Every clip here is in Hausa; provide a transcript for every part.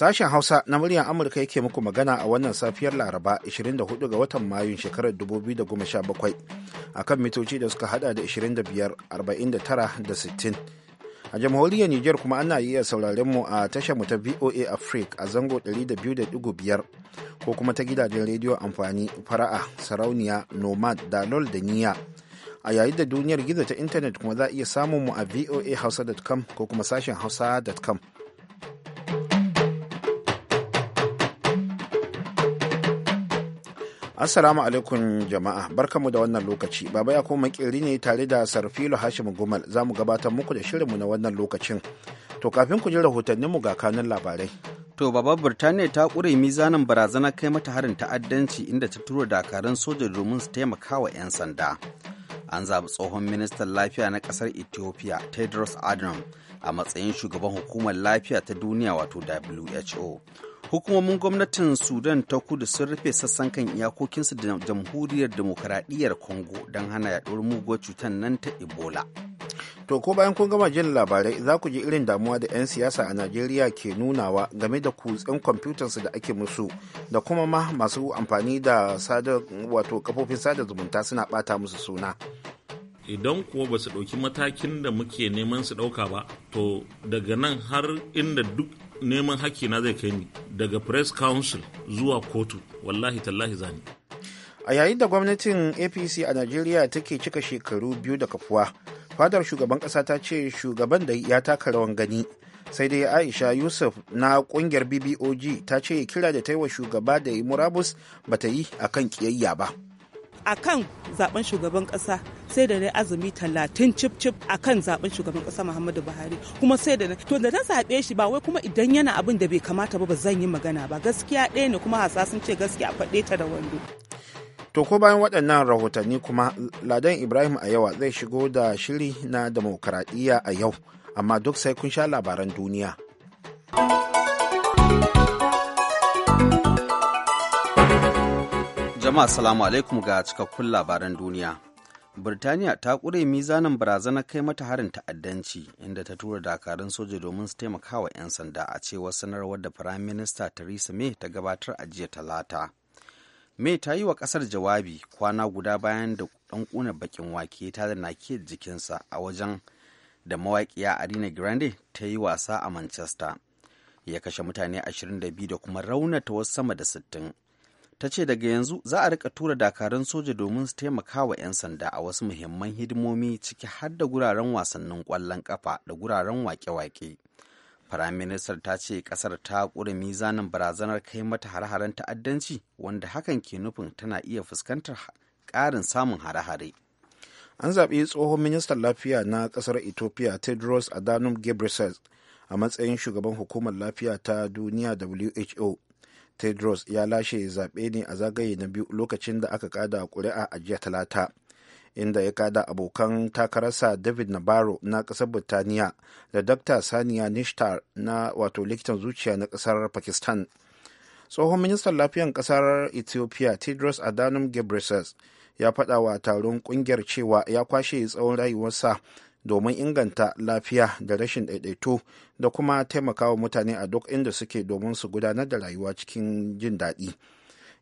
Sashen Hausa na muryar Amurka yake muku magana a wannan safiyar Laraba 24 ga watan Mayun shekarar 2017 akan mitoci da suka hada da 25,49 da 60. A jamhuriyar Nijar kuma ana iya sauraren mu a tashar mu ta VOA Africa a zango 200.5 ko kuma ta gidajen rediyo amfani fara'a sarauniya nomad dalol da niya. A yayin da duniyar gizo ta intanet kuma za a iya samun mu a voahausa.com ko kuma sashen hausa.com. Assalamu alaikum jama'a barkamu da wannan lokaci baba ya kuma makiri ne tare da Sarfilo Hashim Gumal za mu gabatar muku da shirinmu na wannan lokacin. To kafin ku ji rahotanninmu ga kanun labarai. To baba Birtaniya ta ƙure mizanin barazana kai mata harin ta'addanci inda ta turo dakarun soja domin su taimaka wa 'yan sanda. An zaɓi tsohon ministan lafiya na ƙasar Ethiopia Tedros Adhanom a matsayin shugaban hukumar lafiya ta duniya wato WHO. hukumomin gwamnatin sudan ta kudu sun rufe sassan kan iyakokinsu da jamhuriyar demokaradiyyar congo don hana yaɗuwar muguwar cutar nan ta ebola to ko bayan kun gama jin labarai za ku ji irin damuwa da 'yan siyasa a najeriya ke nunawa game da kutsen kwamfutarsu da ake musu da kuma ma masu amfani da wato kafofin sada zumunta suna bata musu suna idan kuwa ba su ɗauki matakin da muke neman su ɗauka ba to daga nan har inda duk neman hakkina zai kai ni daga press council zuwa kotu wallahi tallahi zani a yayin da gwamnatin apc a najeriya take cika shekaru biyu da kafuwa fadar shugaban ƙasa ta ce shugaban da ya taka rawan gani sai dai aisha yusuf na ƙungiyar bbog ta ce kira da ta yi wa shugaba da yi murabus ba ta yi akan kiyayya ba a kan zaben shugaban kasa sai da na azumi talatin cip cip a kan zaben shugaban kasa muhammadu buhari kuma sai da to da na zaɓe shi ba wai kuma idan yana abin da bai kamata ba ba zan yi magana ba gaskiya ɗaya ne kuma hasa sun ce gaskiya faɗe ta da wando to ko bayan waɗannan rahotanni kuma ladan ibrahim a yawa zai shigo da shiri na demokaradiyya a yau amma duk sai kun sha labaran duniya. Jama'a salamu alaikum ga cikakkun labaran duniya. Birtaniya ta ƙure mizanin barazanar kai mata harin ta'addanci inda ta tura dakarun soja domin su taimaka wa 'yan sanda a cewar sanarwar da Firayim Minista Theresa May ta gabatar a jiya talata. May ta yi wa ƙasar jawabi kwana guda bayan da ɗan ƙuna bakin wake ta da nakiyar jikinsa a wajen da mawaƙiya Arina Grande ta yi wasa a Manchester. Ya kashe mutane 22 da kuma raunata wasu sama da 60 ta ce daga yanzu za a rika tura dakarun soja domin su taimaka wa 'yan sanda a wasu muhimman hidimomi ciki har da guraren wasannin kwallon ƙafa da guraren wake-wake. Firaministar ta ce ƙasar ta ƙure mizanin barazanar kai mata hare-haren ta'addanci wanda hakan ke nufin tana iya fuskantar ƙarin samun hare-hare. An zaɓi tsohon ministan lafiya na ƙasar Ethiopia Tedros Adhanom Ghebreyesus a matsayin shugaban hukumar lafiya ta duniya WHO tedros ya lashe zaɓe ne a zagaye na biyu lokacin da aka kada ƙuri'a a jiya talata inda ya kada abokan takararsa david nabaro na ƙasar birtaniya da dr saniya nishtar na wato likitan zuciya na ƙasar pakistan tsohon ministan lafiyan ƙasar ethiopia tedros adhanom ghebreyesus ya faɗa wa taron ƙungiyar cewa ya kwashe tsawon rayuwarsa domin inganta lafiya da rashin daidaito da kuma taimakawa mutane a duk inda suke domin su gudanar da rayuwa cikin jin daɗi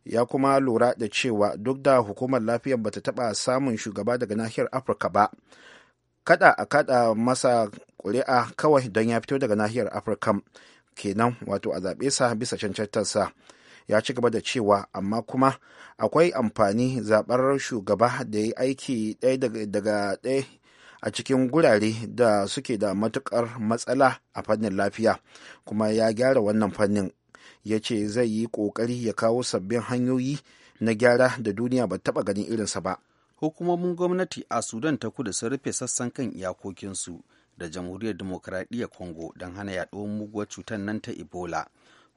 ya kuma lura da cewa duk da hukumar lafiyar bata taɓa samun shugaba daga nahiyar afirka ba kada a kada masa ƙuri'a kawai don ya fito daga nahiyar afirka kenan wato a zaɓe sa bisa cancantarsa ya ci gaba da cewa amma kuma akwai amfani zaɓar shugaba da ya aiki ɗaya daga ɗaya a cikin gurare da suke da matukar matsala a fannin lafiya kuma ya gyara wannan fannin ya ce zai yi kokari ya kawo sabbin hanyoyi na gyara da duniya ba taba ganin irinsa ba hukumomin gwamnati a sudan ta kudu sun rufe sassan kan iyakokinsu da jamhuriyar demokuraɗiyyar congo don hana yaɗuwar muguwar cutar nan ta ebola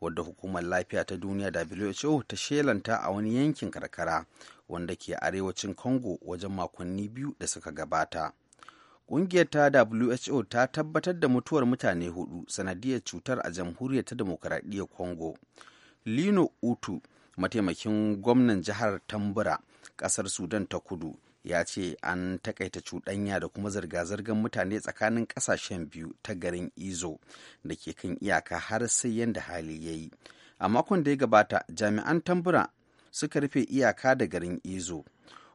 wadda hukumar lafiya ta duniya who ta shelanta a wani yankin karkara wanda ke arewacin congo wajen makonni biyu da suka gabata Ƙungiyar ta WHO ta tabbatar da mutuwar mutane hudu sanadiyar cutar a jamhuriyar ta demokaradiyyar Congo. Lino Utu, mataimakin gwamnan jihar Tambura, ƙasar Sudan ta kudu, ya ce an takaita cuɗanya da kuma zirga-zirgar mutane tsakanin ƙasashen biyu ta garin Izo da ke kan iyaka har sai yadda hali ya yi. A makon da ya gabata, jami'an Tambura suka rufe iyaka da garin Izo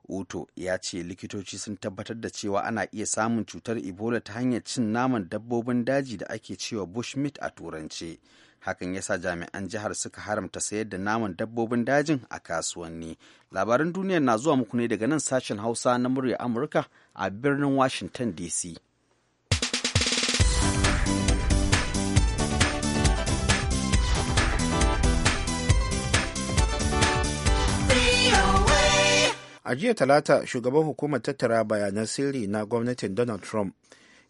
Uto ya ce likitoci sun tabbatar da cewa ana iya samun cutar Ebola ta hanyar cin naman dabbobin daji da ake cewa bush bushmeat a turance. Hakan yasa jami'an jihar suka haramta sayar da naman dabbobin dajin a kasuwanni. Labaran duniya na zuwa muku ne daga nan sashen Hausa na murya Amurka a birnin Washington DC. a jiya talata shugaban hukumar tattara bayanan sirri na gwamnatin donald trump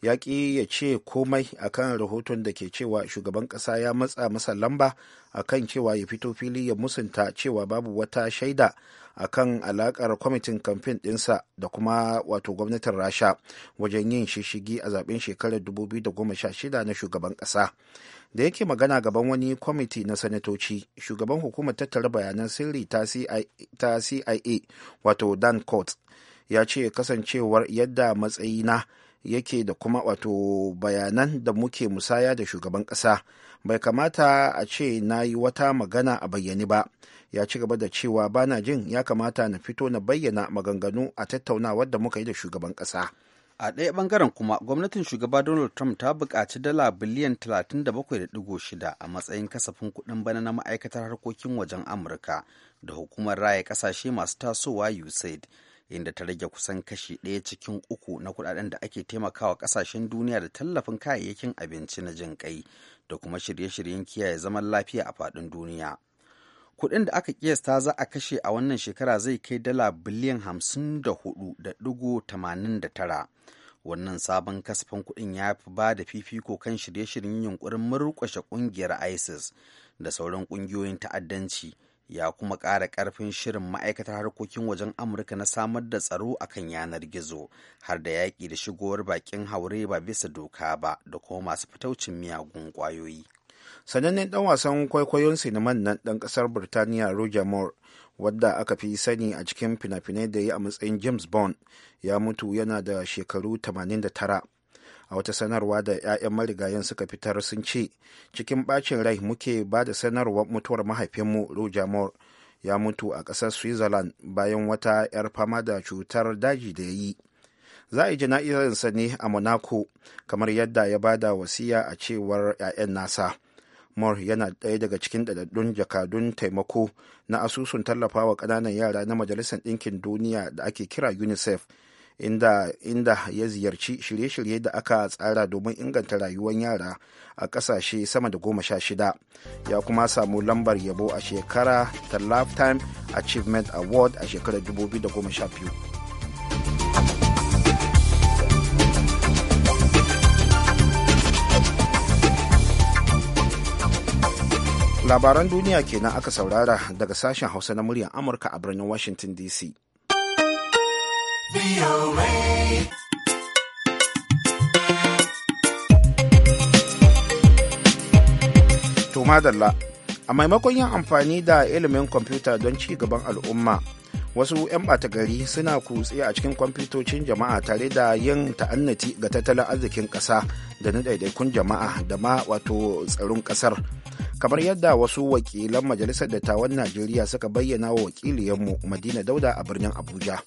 ya ƙi ya ce komai akan rahoton da ke cewa shugaban ƙasa ya matsa masa lamba akan cewa ya fito fili ya musunta cewa babu wata shaida a kan alakar kwamitin kamfen ɗinsa da kuma wato gwamnatin rasha wajen yin shishigi a zaben shekarar 2016 na shugaban ƙasa da yake magana gaban wani kwamiti na sanatoci shugaban hukumar tattara bayanan sirri ta cia wato dan court ya ce kasancewar yadda matsayi na. yake da kuma wato bayanan da muke musaya da shugaban ƙasa bai kamata a ce na yi wata magana a bayyane ba ya ci gaba da cewa bana jin ya kamata na fito na bayyana maganganu a tattaunawar da muka yi da shugaban ƙasa a ɗaya ɓangaren kuma gwamnatin shugaba donald trump ta buƙaci dala biliyan 37.6 a matsayin kasafin kuɗin bana na ma'aikatar harkokin wajen amurka da hukumar raya ƙasashe masu tasowa usaid inda ta rage kusan kashi ɗaya cikin uku na kuɗaɗen da ake taimakawa ƙasashen duniya da tallafin kayayyakin abinci na jin ƙai da kuma shirye-shiryen kiyaye zaman lafiya a faɗin duniya. Kuɗin da aka kiyasta za a kashe a wannan shekara zai kai dala biliyan hamsin da hudu da ɗigo tamanin da tara. Wannan sabon kasafin kuɗin ya fi ba da fifiko kan shirye-shiryen yunkurin murƙushe ƙungiyar ISIS da sauran ƙungiyoyin ta'addanci. ya kuma ƙara ƙarfin shirin ma'aikatar harkokin wajen amurka na samar da tsaro a kan yanar gizo har da yaƙi da shigowar baƙin haure ba bisa doka ba da kuma masu fitaucin miyagun ƙwayoyi sanannen ɗan wasan kwaikwayon siniman nan ɗan ƙasar birtaniya roger moore wadda aka fi sani a cikin fina-finai da ya a matsayin james bond ya mutu yana da shekaru 89 a wata sanarwa da 'ya'yan marigayen suka fitar sun ce cikin bacin rai muke ba da sanarwar mutuwar mahaifinmu roger moore ya mutu a ƙasar switzerland bayan wata 'yar fama da cutar daji da ya yi za a yi jana'izarsa ne a monaco kamar yadda ya ba da wasiya a cewar 'ya'yan nasa moore yana ɗaya daga cikin ɗadaɗɗun jakadun taimako na asusun tallafawa ƙananan yara na majalisar ɗinkin duniya da ake kira unicef inda, inda ya ziyarci shirye-shirye da aka tsara domin inganta rayuwar yara a ƙasashe sama da goma sha shida ya kuma samu lambar yabo a shekara ta lifetime achievement award a shekarar 2012 labaran duniya kenan aka saurara daga sashen hausa na muryar amurka a birnin washington dc To madalla, a maimakon yin amfani da ilimin kwamfuta don ci gaban al'umma, wasu 'yan ɓata gari suna kutse a cikin kwamfutocin jama'a tare da yin ta'annati ga tattalin arzikin ƙasa da na ɗaiɗaikun jama'a da ma wato tsaron ƙasar. kamar yadda wasu wakilan majalisar dattawan najeriya suka bayyana wa wakiliyanmu madina dauda a birnin abuja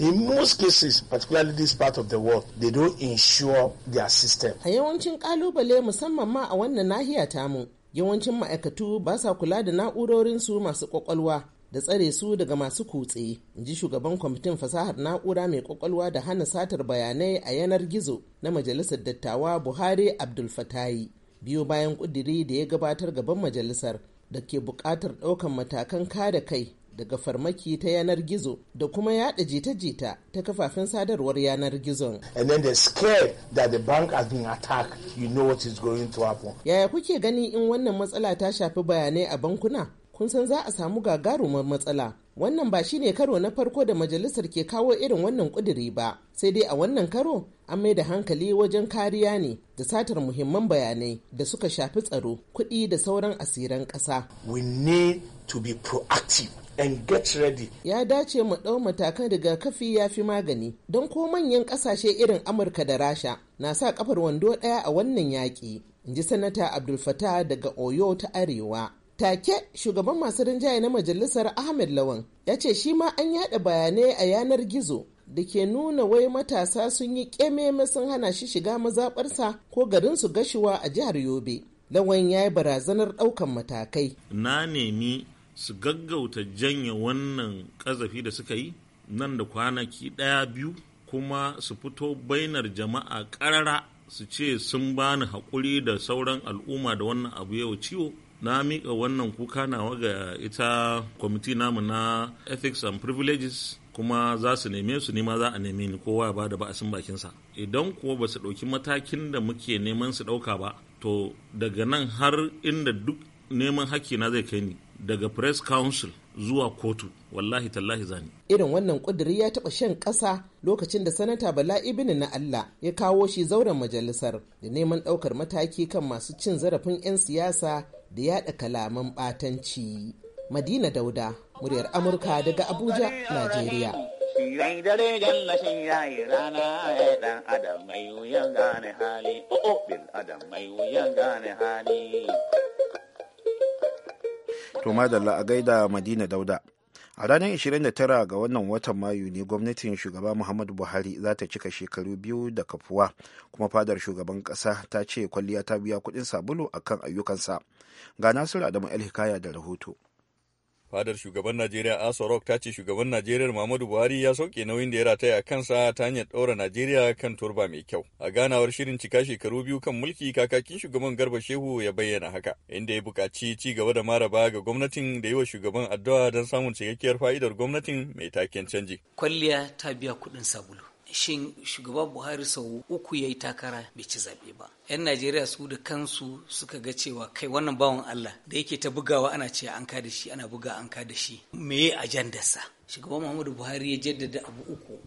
In most cases, particularly this part of the world, they don't insure their system. A yawancin kalubale musamman ma a wannan nahiya mu yawancin ma'aikatu ba sa kula da na'urorinsu masu kwakwalwa da tsare su daga masu kutse in ji shugaban kwamitin fasahar na'ura mai kwakwalwa da hana satar bayanai a yanar gizo na majalisar dattawa buhari abdul fatayi biyo bayan kudiri da ya gabatar gaban majalisar da ke buƙatar ɗaukan matakan kada kai daga farmaki ta yanar gizo da kuma yada jita-jita ta kafafen sadarwar yanar gizon. And then they're scared that the bank has been attacked. You know what is going to happen. Yaya kuke gani in wannan matsala ta shafi bayanai a bankuna? Kun san za a samu gagarumar matsala. wannan ba shine karo na farko da majalisar ke kawo irin wannan kuduri ba sai dai a wannan karo an mai da hankali wajen kariya ne da satar muhimman bayanai da suka shafi tsaro kuɗi da sauran asiran ƙasa. we need to be proactive and get ready. Ya dace mu ɗau matakan rigakafi ya fi magani don ko manyan ƙasashe irin Amurka da Rasha na sa kafar wando ɗaya a wannan yaƙi, in ji Sanata Abdul daga Oyo ta Arewa. take shugaban masu rinjaye na majalisar ahmed lawan ya ce shi ma an yada bayanai a yanar gizo da ke nuna wai matasa sun yi kememe sun hana shi shiga mazaɓarsa ko garin su gashiwa a jihar yobe lawan ya yi barazanar ɗaukan matakai na nemi su gaggauta janya wannan kazafi da suka yi nan da kwanaki ɗaya biyu kuma su fito bainar jama'a ƙarara su ce sun bani haƙuri da sauran al'umma da wannan abu yau ciwo na mika wannan kuka nawa ga ita kwamiti namu na ethics and privileges kuma za su neme su nima za a neme ni kowa ya da ba'asin bakinsa idan kuwa ba su ɗauki matakin da muke neman su ɗauka ba to daga nan har inda duk neman na zai kai ni daga press council zuwa kotu wallahi tallahi zani irin wannan kuduri ya taɓa shan ƙasa lokacin da sanata bala ibini na allah ya kawo shi zauren majalisar da neman ɗaukar mataki kan masu cin zarafin 'yan siyasa da yada kalaman batanci madina dauda muryar amurka daga abuja najeriya Shirai dare janna shirai rana ya dan adam mai wuyan gane hali, o'o oh, oh, adam mai wuyan gane hali. To madalla a gaida Madina Dauda. a ranar 29 ga wannan watan mayu ne gwamnatin shugaba muhammadu buhari za ta cika shekaru biyu da kafuwa kuma fadar shugaban kasa ta ce kwalliya ta biya kudin sabulu akan ayyukansa ga nasiru adamu el da rahoto Fadar shugaban Najeriya Aso Rock ta ce shugaban Najeriya Muhammadu Buhari ya sauke nauyin da ya rataya a kansa ta hanyar ɗaura Najeriya kan turba mai kyau. A ganawar shirin cika shekaru biyu kan mulki kakakin shugaban Garba Shehu ya bayyana haka, inda ya buƙaci ci gaba da maraba ga gwamnatin da yi wa shugaban addu'a don samun cikakkiyar fa'idar gwamnatin mai taken canji. Kwalliya ta biya kuɗin sabulu. shin shugaban buhari sau uku ya yi takara bai ci zaɓe ba yan najeriya su da kansu suka ga cewa kai wannan bawan allah da yake ta bugawa ana ce an da shi ana buga an da shi meye ajandarsa shugaban muhammadu buhari ya jaddada abu uku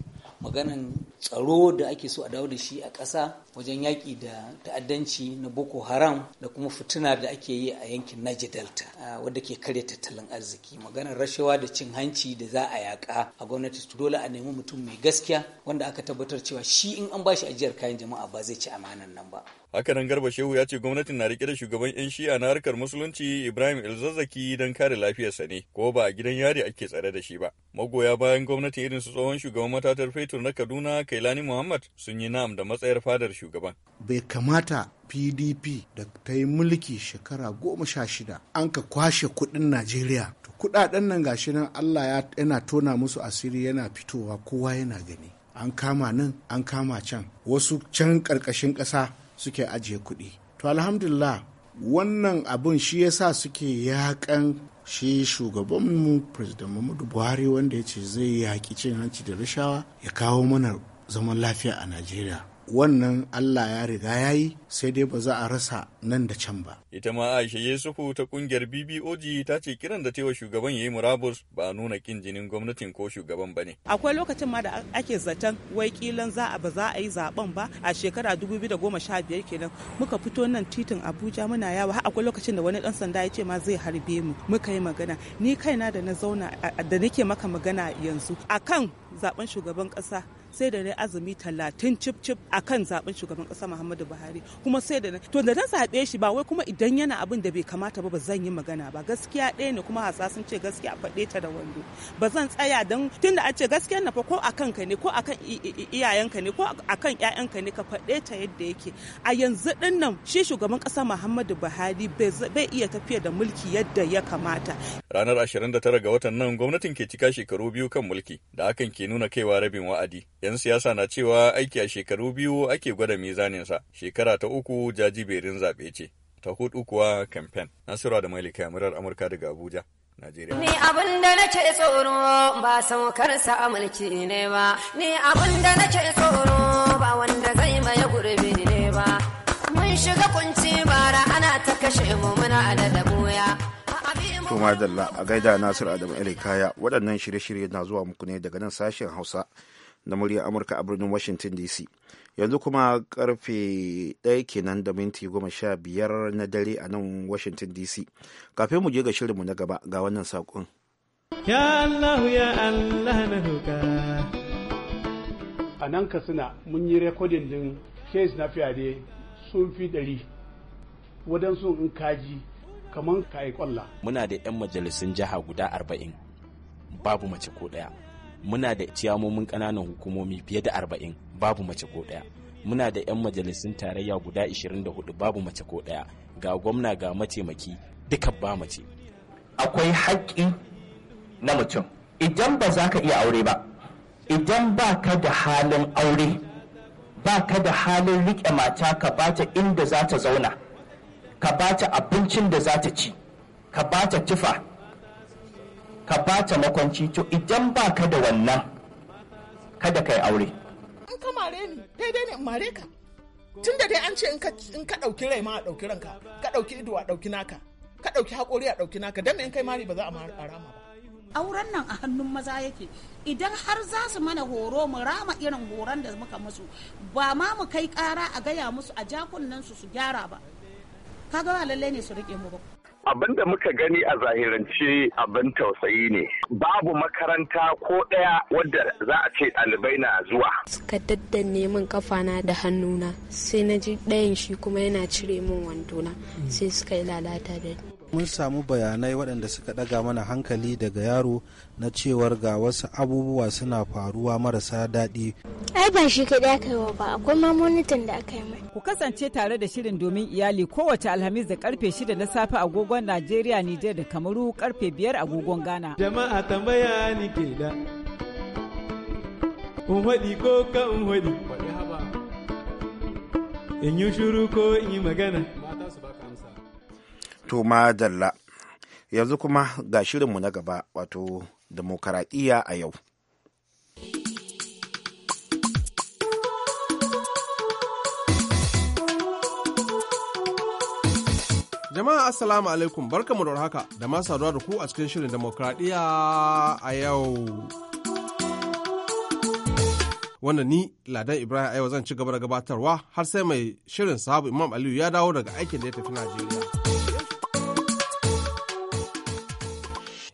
maganan tsaro da ake so a dawo da shi a ƙasa wajen yaƙi da ta'addanci na boko haram da kuma fituna da ake yi a yankin naji delta wadda ke karya tattalin arziki maganar rashawa da cin hanci da za a yaƙa a gwamnati dole a nemi mutum mai gaskiya wanda aka tabbatar cewa shi in an bashi ajiyar kayan jama'a ba zai ci amanan nan ba haka nan garba shehu ya ce gwamnatin na rike da shugaban yan shi'a na harkar musulunci ibrahim ilzazzaki don kare lafiyarsa ne ko ba a gidan yari ake tsare da shi ba magoya bayan gwamnatin irin su tsohon shugaban matatar fetur na kaduna Kailani Muhammad sun yi na'am da matsayar fadar shugaban. Bai kamata PDP da ta yi mulki shekara goma sha shida an ka kwashe kuɗin Najeriya. To kuɗaɗen nan gashi nan Allah yana tona musu asiri yana fitowa kowa yana gani. An kama nan an kama can wasu can ƙarƙashin ƙasa suke ajiye kuɗi. To alhamdulillah wannan abin shi yasa suke yakan shi shugabanmu president muhammadu buhari wanda ya ce zai yaƙi cin hanci da rashawa ya kawo mana zaman lafiya a Najeriya. wannan Allah ya riga ya yi sai dai ba za a rasa nan da can ba. Ita ma Aisha Yusufu ta kungiyar BBOG ta ce kiran da tewa shugaban ya yi murabus ba nuna kin jinin gwamnatin ko shugaban ba ne. Akwai lokacin ma da ake zaton wai kilan za a ba za a yi zaben ba a shekara 2015 kenan muka fito nan titin Abuja muna yawa har akwai lokacin da wani dan sanda ya ce ma zai harbe mu muka yi magana ni kaina da na zauna da nake maka magana yanzu akan zaben shugaban kasa sai da na azumi talatin cip cip a kan zaɓen shugaban ƙasa muhammadu buhari kuma sai da na to da na zaɓe shi ba wai kuma idan yana abin da bai kamata ba ba zan yi magana ba gaskiya ɗaya ne kuma hasa sun ce gaskiya faɗe ta da wando ba zan tsaya don tun da a ce gaskiya na fa ko a kanka ne ko a kan iyayenka ne ko a kan ƴaƴanka ne ka faɗe ta yadda yake a yanzu ɗin nan shi shugaban ƙasa muhammadu buhari bai iya tafiya da mulki yadda ya kamata ranar ashirin 29 ga watan nan gwamnatin ke cika shekaru biyu kan mulki da hakan ke nuna kaiwa rabin wa'adi 'Yan siyasa na cewa aiki a shekaru biyu ake gwada mizaninsa, shekara ta uku jajiberin zaɓe ce, ta hudu kuwa kamfen. Nasura da mai murar Amurka daga Abuja. Ni abin da nake tsoro ba saukar sa mulki ne ba, ni abin da nake tsoro ba wanda zai maye gurbi ne ba. Mun shiga kunci bara ana ta kashe mu muna da buya. Tuma Dalla a gaida Nasiru Adamu Elikaya waɗannan shirye-shirye na zuwa muku ne daga nan sashen Hausa na muryar amurka a birnin washington dc yanzu kuma karfe ɗaya kenan da minti goma sha biyar na dare a nan washington dc kafin mu je ga shirinmu na gaba ga wannan saƙon ya allahu ya allah na roƙa a nan katsina mun yi rekodin din kes na fiyade sun fi ɗari wadansu in kaji kamar ka yi kwalla muna da 'yan majalisun jiha guda arba'in babu mace ko ɗaya muna da ciyamomin ƙananan hukumomi fiye da arba'in babu mace ko ɗaya muna da 'yan majalisun tarayya guda 24 babu mace ko ɗaya ga gwamna ga mataimaki duka ba mace akwai haƙƙi na mutum idan ba za ka iya aure ba idan ba ka da halin aure ba ka da halin riƙe mata ka ba ta inda za ta zauna ka ba ta abincin da za ta ci ka ba ta tufa ka ba ta makwanci to idan ba ka da wannan kada ka yi aure. An ka mare ni daidai ne in mare ka. Tun da dai an ce in ka ɗauki rai ma a ɗauki ranka, ka ɗauki ido a ɗauki naka, ka ɗauki haƙori a ɗauki naka, dan in kai mari ba za a rama ba. Auren nan a hannun maza yake idan har za su mana horo mu rama irin horon da muka musu ba ma mu kai ƙara a gaya musu a jakunan su su gyara ba. Kaga ba lallai ne su riƙe mu ba. abin da muka gani a zahirance abin tausayi ne babu makaranta ko ɗaya wadda za a ce ɗalibai na zuwa suka daddanne min kafana da hannuna sai na ji ɗayan shi kuma yana cire min wandona sai suka yi lalata da ni mun samu bayanai waɗanda suka ɗaga mana hankali daga yaro na cewar ga wasu abubuwa suna faruwa marasa daɗi. Ai ba shi kaɗai aka yi ba, akwai mamonitan da aka yi mai. Ku kasance tare da shirin domin iyali kowace alhamis da karfe shida na safe agogon Najeriya, Nijar da Kamaru karfe biyar agogon Ghana. Jama'a tambaya ni ke da. In haɗi ko ka in haɗi. In yi shuru ko in yi magana. to madalla yanzu kuma ga shirinmu na gaba wato demokaradiyya a yau jama'a assalamu alaikum barkamu da haka da ma saduwa da ku a cikin shirin demokradiyya a yau wanda ni ladan ibrahim a zan ci gaba da gabatarwa har sai mai shirin sabu imam aliyu ya dawo daga aikin da ya tafi najeriya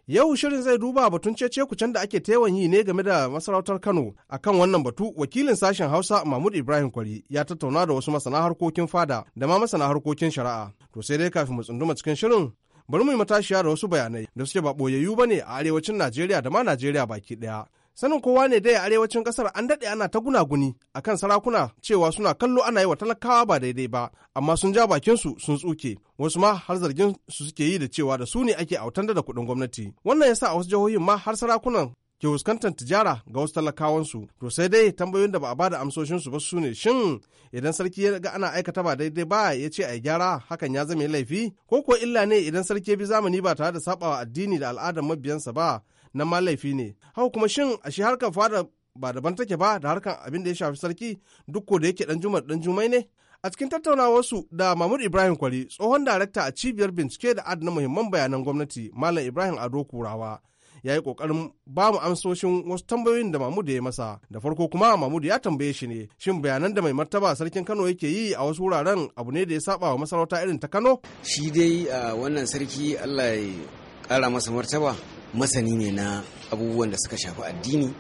Yau shirin zai duba batun cece kucen da ake tewan yi ne game da masarautar Kano akan wannan batu wakilin sashen Hausa Mahmud Ibrahim Kwari ya tattauna da wasu masana harkokin fada da ma masana harkokin shari'a. To sai dai kafin mu tsunduma cikin shirin bari mu yi matashiya da wasu bayanai da suke ba boyayyu ne a arewacin Najeriya da ma Najeriya baki daya. Sanin kowa ne dai a arewacin kasar an daɗe ana ta gunaguni a kan sarakuna cewa suna kallo ana yi wa talakawa ba daidai ba, amma sun ja bakinsu sun tsuke, wasu ma har zargin su suke yi da cewa da su ne ake autar da kuɗin gwamnati. Wannan yasa a wasu jihohin ma har sarakunan ke fuskantar tijara ga wasu talakawansu to sai dai tambayoyin da ba a ba da amsoshinsu ba su ne shin idan sarki ya ga ana aikata ba daidai ba ya ce a gyara hakan ya zama laifi ko ko illa ne idan sarki ya bi zamani ba tare da sabawa addini da al'adar mabiyansa ba na ma laifi ne Hau kuma shin a shi harkar fada ba daban take ba da harkar abin da ya shafi sarki duk ko da yake dan juma dan jumai ne a cikin tattaunawar su da mahmud ibrahim kwari tsohon darakta a cibiyar bincike da adana muhimman bayanan gwamnati malam ibrahim ado kurawa ya yi ƙoƙarin ba mu amsoshin wasu tambayoyin da mahmud ya yi masa da farko kuma mahmud ya tambaye shi ne shin bayanan da mai martaba sarkin kano yake yi a wasu wuraren abu ne da ya saba wa masarauta irin ta kano shi dai wannan sarki allah ya kara masa martaba masani ne na abubuwan da suka shafi addini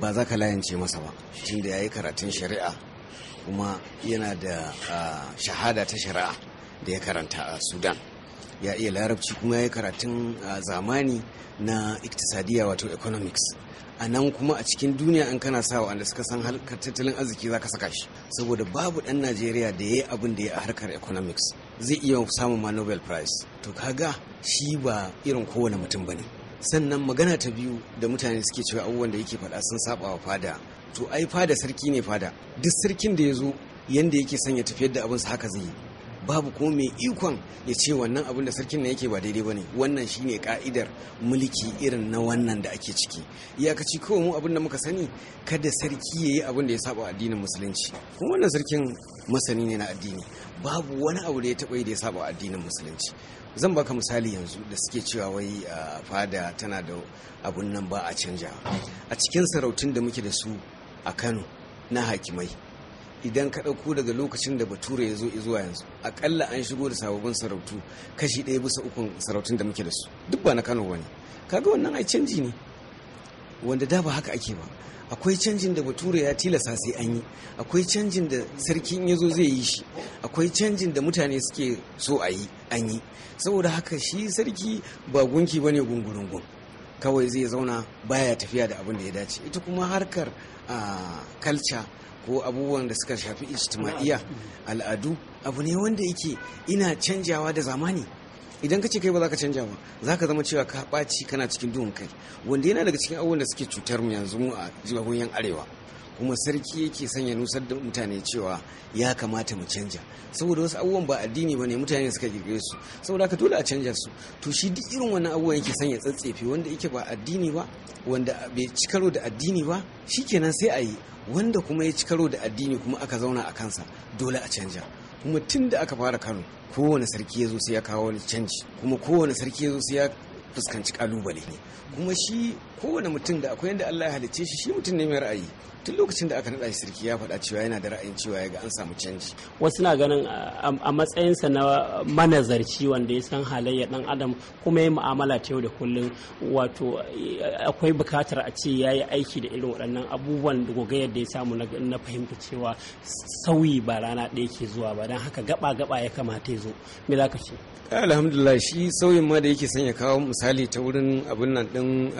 ba za ka layance masa ba tunda ya yi karatun shari'a kuma yana da shahada ta shari'a da ya karanta a sudan ya iya larabci kuma ya yi karatun zamani na iktisadiyya wato economics a nan kuma a cikin duniya an kana sa wanda suka san harkar tattalin arziki za ka saka shi saboda babu ɗan najeriya da ya yi abin da ya a harkar economics zai iya samun ma nobel prize to kaga shi ba irin kowane mutum ba ne sannan magana ta biyu da mutane suke cewa abubuwan da yake faɗa sun saba wa fada to ai fada sarki ne fada duk sarkin da ya zo yanda yake son ya tafiyar da abinsa haka zai yi babu ko mai ikon ya ce wannan abin da sarkin na yake ba daidai ba ne wannan ne ka'idar mulki irin na wannan da ake ciki iyakaci kawai mu abin da muka sani kada sarki ya yi abin da ya saba addinin musulunci kuma wannan sarkin masani ne na addini babu wani abu da ya taɓa yi da ya saba addinin musulunci zan baka misali yanzu da suke cewa wai fada tana da abun nan ba a canja a cikin sarautun da muke da su a kano na hakimai idan ka ɗauko daga lokacin da bature ya zo zuwa yanzu akalla an shigo da sababbin sarautu kashi ɗaya bisa ukun sarautun da muke da su duk ba na kano wani ne kaga wannan ai canji ne wanda da ba haka ake ba akwai canjin da bature ya tilasa sai an yi akwai canjin da sarki in yazo zai yi shi akwai canjin da mutane suke so a yi an yi saboda haka shi sarki ba gunki bane gungurungun kawai zai zauna baya tafiya da abin da ya dace ita kuma harkar kalca ko abubuwan da suka shafi ijtima'iyya al'adu abu ne wanda yake ina canjawa da zamani idan ka ce kai ba za ka canja ba za ka zama cewa ka ɓaci kana cikin duhun kai wanda yana daga cikin abubuwan da suke cutar mu yanzu mu a jihohin yan arewa kuma sarki yake sanya nusar da mutane cewa ya kamata mu canja saboda wasu abubuwan ba addini ba ne mutane suka girgire su saboda haka dole a canja su to shi duk irin wannan abubuwan yake sanya tsatsefe wanda yake ba addini ba wanda bai ci karo da addini ba shikenan sai a yi wanda kuma ya ci karo da addini kuma aka zauna a kansa dole a canja kuma tun da aka fara kano kowane sarki ya zo sai ya kawo wani canji kuma kowane sarki ya zo sai ya fuskanci kalubale ne kuma shi kowane mutum da akwai yadda Allah ya halicce shi shi mutum ne mai ra'ayi tun lokacin da aka naɗa shi sarki ya faɗa cewa yana da ra'ayin cewa ya ga an samu canji wasu na ganin a matsayinsa na manazarci wanda ya san halayya ɗan adam kuma ya mu'amala ta yau da kullum wato akwai bukatar a ce ya yi aiki da irin waɗannan abubuwan da gogayar da ya samu na fahimta cewa sauyi ba rana ɗaya ke zuwa ba don haka gaba gaba ya kamata ya zo me za ka ce alhamdulillah shi sauyin ma da yake sanya ya kawo misali ta wurin abin nan ɗin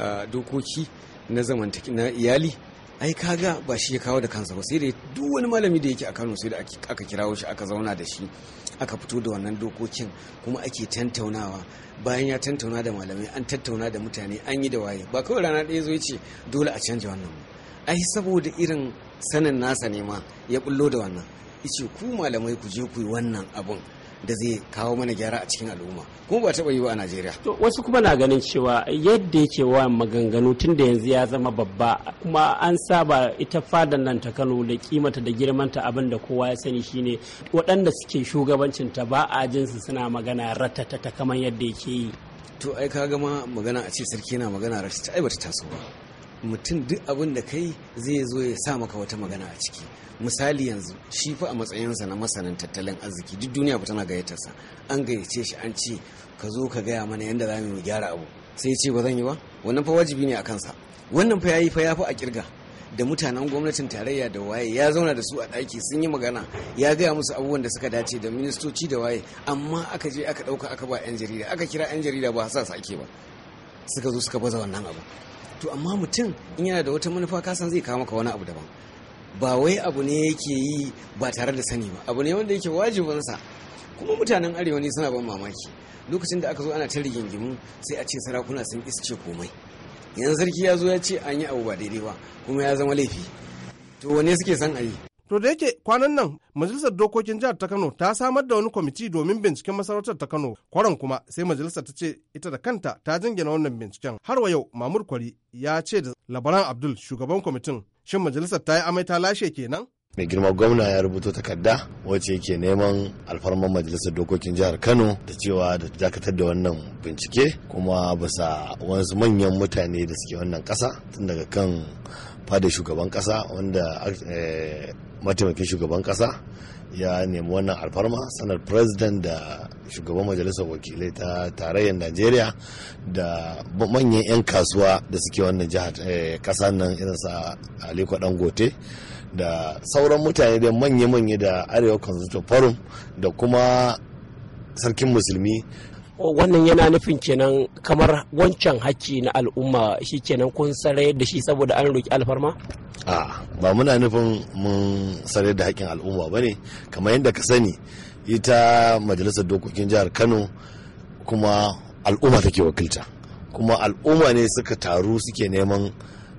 harkoki na zamantaki na iyali ai kaga ba shi ya kawo da kansa ba sai da duk wani malami da yake a Kano sai da aka kirawo shi aka zauna da shi aka fito da wannan dokokin kuma ake tantaunawa bayan ya tantauna da malamai an tattauna da mutane an yi da waye ba kawai rana ɗaya zo ce dole a canja wannan ai saboda irin sanin nasa ne ma ya bullo da wannan ice ku malamai ku je ku yi wannan abun da zai kawo mana gyara a cikin al'umma kuma ba taɓa yi ba a najeriya wasu kuma na ganin cewa yadda yake wa maganganu tun da yanzu ya zama babba kuma an saba ita fadar nan ta kano da kimata da girmanta abin da kowa ya sani shine waɗanda suke shugabancin ta ba a jinsu suna magana ratata kamar yadda yake yi to ai ka gama magana a ce sarki yana magana ratata ai bata taso ba mutum duk abin da kai zai zo ya sa maka wata magana a ciki misali yanzu shi fa a matsayinsa na masanin tattalin arziki duk duniya ba tana sa an gayyace shi an ce ka zo ka gaya mana yadda za mu gyara abu sai ce ba zan yi ba wannan fa wajibi ne a kansa wannan fa yayi fa ya fi a kirga da mutanen gwamnatin tarayya da waye ya zauna da su a daki sun yi magana ya gaya musu abubuwan da suka dace da ministoci da waye amma aka je aka ɗauka aka ba 'yan jarida aka kira 'yan jarida ba sa ake ba suka zo suka baza wannan abu to amma mutum in yana da wata manufa kasan zai kawo maka wani abu daban ba wai abu ne yake yi ba tare da sani ba abu ne wanda yake wajibinsa kuma mutanen arewa ne suna ban mamaki lokacin da aka zo ana ta rigingimu sai a ce sarakuna sun isce komai yanzu sarki ya zo ya ce an yi abu ba daidai ba kuma ya zama laifi to wane suke san a yi To da yake kwanan nan majalisar dokokin jihar ta Kano ta samar da wani kwamiti domin binciken masarautar ta Kano. Kwaran kuma sai majalisar ta ce ita da kanta ta jingina wannan binciken. Har wa yau Mamur Kwari ya ce da Labaran Abdul shugaban kwamitin shin majalisar ta yi amai ta lashe kenan? mai girma gwamna ya rubuto takarda wacce yake neman alfarman majalisar dokokin jihar kano da cewa da dakatar da wannan bincike kuma bisa wasu manyan mutane da suke wannan kasa tun daga kan fada shugaban kasa wanda eh, mataimakin shugaban kasa ya nemi wannan alfarma sanar president da shugaban majalisar wakilai ta tarayyar najeriya da manyan 'yan kasuwa da suke wannan jihar eh, kasa nan irinsa aliko dangote da sauran mutane da manya-manya da arewa consultant forum da kuma sarkin musulmi wannan yana nufin kenan kamar wancan hakki na al'umma shi kenan kun sare da shi saboda an roki alfarma a ba muna nufin mun sare da hakkin al'umma ba ne kamar yadda ka sani ita majalisar dokokin jihar kano kuma al'umma take wakilta kuma al'umma ne suka taru suke neman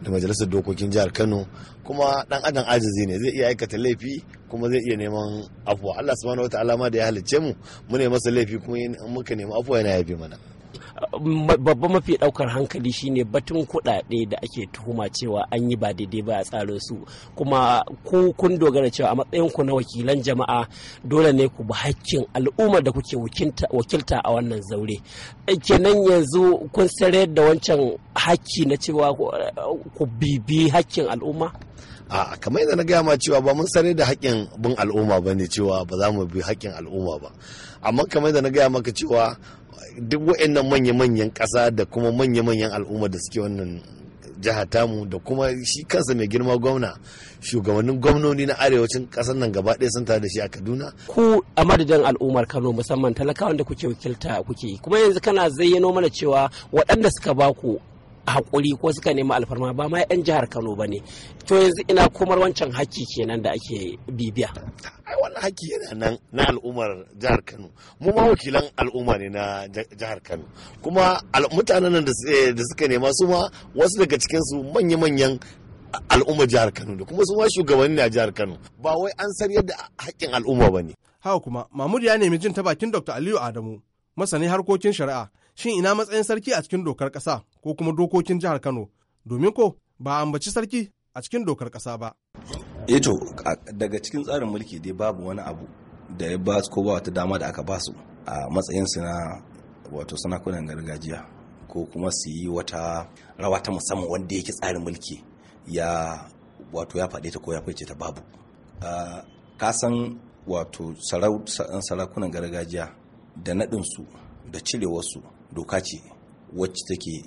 da majalisar dokokin jihar kano kuma dan adam ajizi ne zai iya aikata laifi kuma zai iya neman afuwa Allah subhanahu wata ma da ya halicce mu mu masa laifi kuma in muka nemi afuwa yana yafe mana babba mafi daukar hankali shine batun kuɗaɗe da ake tuhuma cewa an yi ba daidai ba a tsarin su kuma ku kun dogara cewa a matsayin ku na wakilan jama'a dole ne ku bi hakkin al'ummar da kuke wakilta a wannan zaure eh, kenan yanzu kun sare da wancan hakki na cewa ku bibi hakkin al'umma a kamar yadda na gaya ma cewa ba mun sare da haƙƙin bin al'umma ba ne cewa ba za mu bi haƙƙin al'umma ba amma kamar yadda na gaya maka cewa duk wa'annan manya-manyan ƙasa da kuma manya-manyan al'umma da suke wannan jiha tamu da kuma shi kansa mai girma gwamna shugabannin gwamnoni na arewacin ƙasar nan gaba ɗaya sun tare da shi a kaduna ku a madadin al'ummar kano musamman talakawan da kuke wakilta kuke kuma yanzu kana zayyano mana cewa waɗanda suka baku A hakuri ko suka nemi alfarma ba ma 'yan jihar kano ba ne to yanzu ina komar wancan haƙƙi kenan da ake bibiya ai wannan haƙƙi yana nan na al'ummar jihar kano mu ma wakilan al'umma ne na jihar kano kuma mutanen nan eh, da suka nema su ma wasu daga cikinsu manya-manyan al'umma jihar kano da kuma su ma shugabanni na jihar kano ba wai an san yadda haƙƙin al'umma ba ne haka kuma mahmud ya nemi jin ta bakin dr aliyu adamu masanin harkokin shari'a shin ina matsayin sarki a cikin dokar ƙasa ko kuma dokokin jihar Kano domin ko ba a ambaci sarki a cikin dokar ƙasa ba. Eto eh daga cikin tsarin mulki dai babu wani abu da ya ba ko ba wata dama da aka ba su a matsayin su na wato sanakunan gargajiya ko kuma su yi wata rawa ta musamman wanda yake tsarin mulki ya wato ya faɗe ta ko ya fice ta babu. Ka san wato sarakunan gargajiya da naɗinsu da cirewarsu doka ce wacce take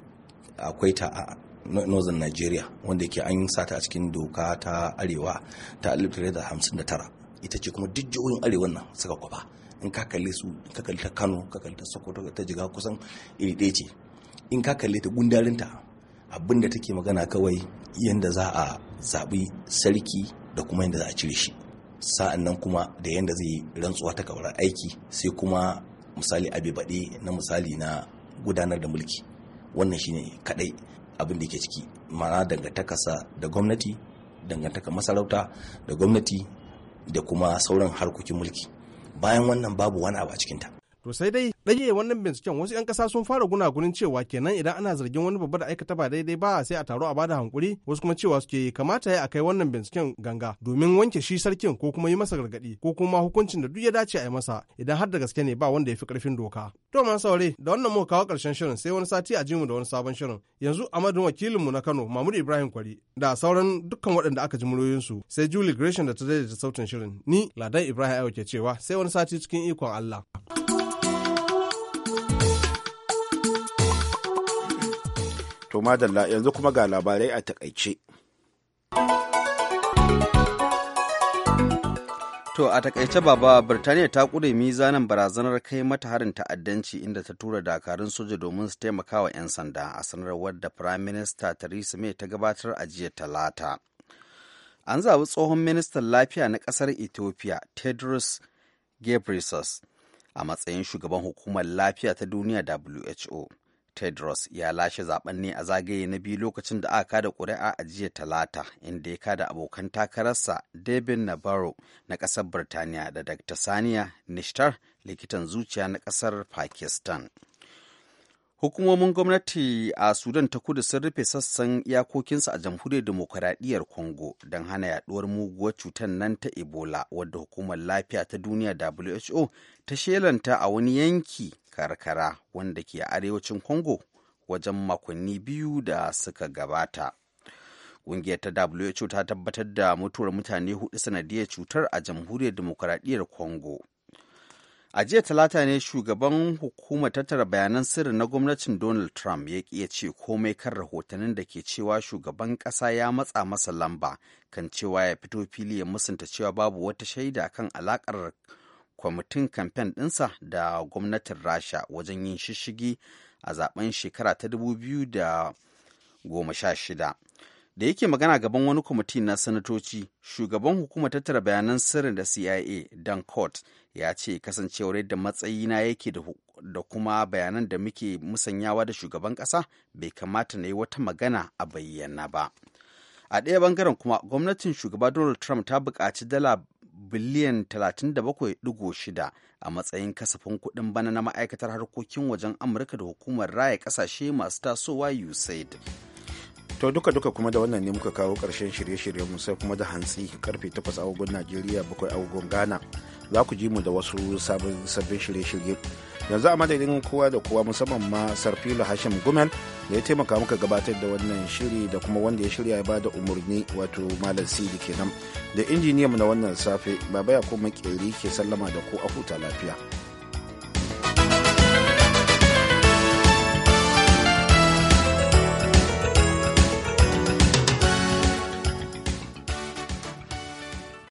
akwai ta a northern nigeria wanda ke an sata a cikin doka ta arewa ta 1959 ita ce kuma duk jihohin arewa nan suka kwaba in ka kalle su ka kalle ta kano ka kalle ta sokoto ta jiga kusan iri ɗaya ce in ka kalli ta gundarinta abinda da take magana kawai yadda za a zaɓi sarki da kuma yadda za a cire shi sa'an nan kuma da yadda zai rantsuwa ta kawar aiki sai kuma misali baɗe na misali na gudanar da mulki wannan shine kaɗai abin da ke ciki ma'ana dangantakarsa da gwamnati dangantaka masarauta da gwamnati da kuma sauran harkokin mulki bayan wannan babu wani abu a cikinta To sai dai ɗage wannan binciken wasu 'yan ƙasa sun fara gunagunin cewa kenan idan ana zargin wani babba da aikata ba daidai ba sai a taro a bada hankuri wasu kuma cewa suke kamata ya kai wannan binciken ganga domin wanke shi sarkin ko kuma yi masa gargaɗi ko kuma hukuncin da duk ya dace a yi masa idan har da gaske ne ba wanda ya fi ƙarfin doka. To ma da wannan muka kawo ƙarshen shirin sai wani sati a jimu da wani sabon shirin yanzu a wakilinmu na Kano Mahmud Ibrahim Kwari da sauran dukkan waɗanda aka ji muryoyinsu sai Julie Gresham da ta daidaita sautin shirin ni Ladan Ibrahim Ayo ke cewa sai wani sati cikin ikon Allah. To madalla yanzu kuma ga labarai a takaice. To a takaice baba Birtaniya ta ƙure mizanin barazanar kai mata harin ta'addanci inda ta tura dakarun soja domin su taimaka wa 'yan sanda a sanarwar da Firayim Minista Theresa May ta gabatar a jiya Talata. An zaɓi tsohon ministan lafiya na ƙasar Ethiopia Tedros Ghebreyesus a matsayin shugaban hukumar lafiya ta duniya WHO. tedros ya lashe zaben ne a zagaye na biyu lokacin da aka kada kuri'a a jiya talata inda ya kada abokan takararsa david nabarro na ƙasar birtaniya da dr saniya nishtar likitan zuciya na ƙasar pakistan hukumomin gwamnati a sudan ta kudu sun rufe sassan iyakokinsu a jamhuriyar demokuraɗiyyar congo don hana Yaɗuwar muguwar cutar nan ta ebola wadda hukumar lafiya ta duniya who ta shelanta a wani yanki karkara wanda ke arewacin congo wajen makonni biyu da suka gabata ƙungiyar ta who ta tabbatar da mutuwar mutane hudu sanadiyar cutar a jamhuriyar demokuraɗiyyar congo a jiya talata ne shugaban hukumar tattara bayanan sirri na gwamnatin donald trump ya ƙi ce komai kan rahotannin da ke cewa shugaban ƙasa ya matsa masa lamba kan cewa ya fito fili ya musanta cewa babu wata shaida kan alakar kwamitin kamfen ɗinsa da gwamnatin rasha wajen yin shishigi a zaben shekara ta 2016 da yake magana gaban wani kwamiti na sanatoci shugaban hukumar tattara bayanan sirri da cia dan court ya ce kasancewar yadda matsayina yake da kuma bayanan da muke musanyawa da shugaban ƙasa bai kamata na yi wata magana a bayyana ba a ɗaya bangaren kuma gwamnatin shugaba donald trump ta buƙaci dala biliyan 37.6 a matsayin kasafin kuɗin bana na ma'aikatar harkokin wajen amurka da hukumar raya ƙasashe masu tasowa usaid to duka-duka kuma da wannan ne muka kawo ƙarshen shirye-shiryenmu sai kuma da hantsi karfe 8 agogon najeriya 7 agogon ghana za ku ji mu da wasu sabbin shirye-shirye yanzu a madadin kowa da kowa musamman ma sarfilo hashim gumel da ya taimaka muka gabatar da wannan shiri da kuma wanda ya shirya ya bada umarni wato malam sidi kenan da mu na wannan safe baba ya kuma ke sallama da ku a huta lafiya.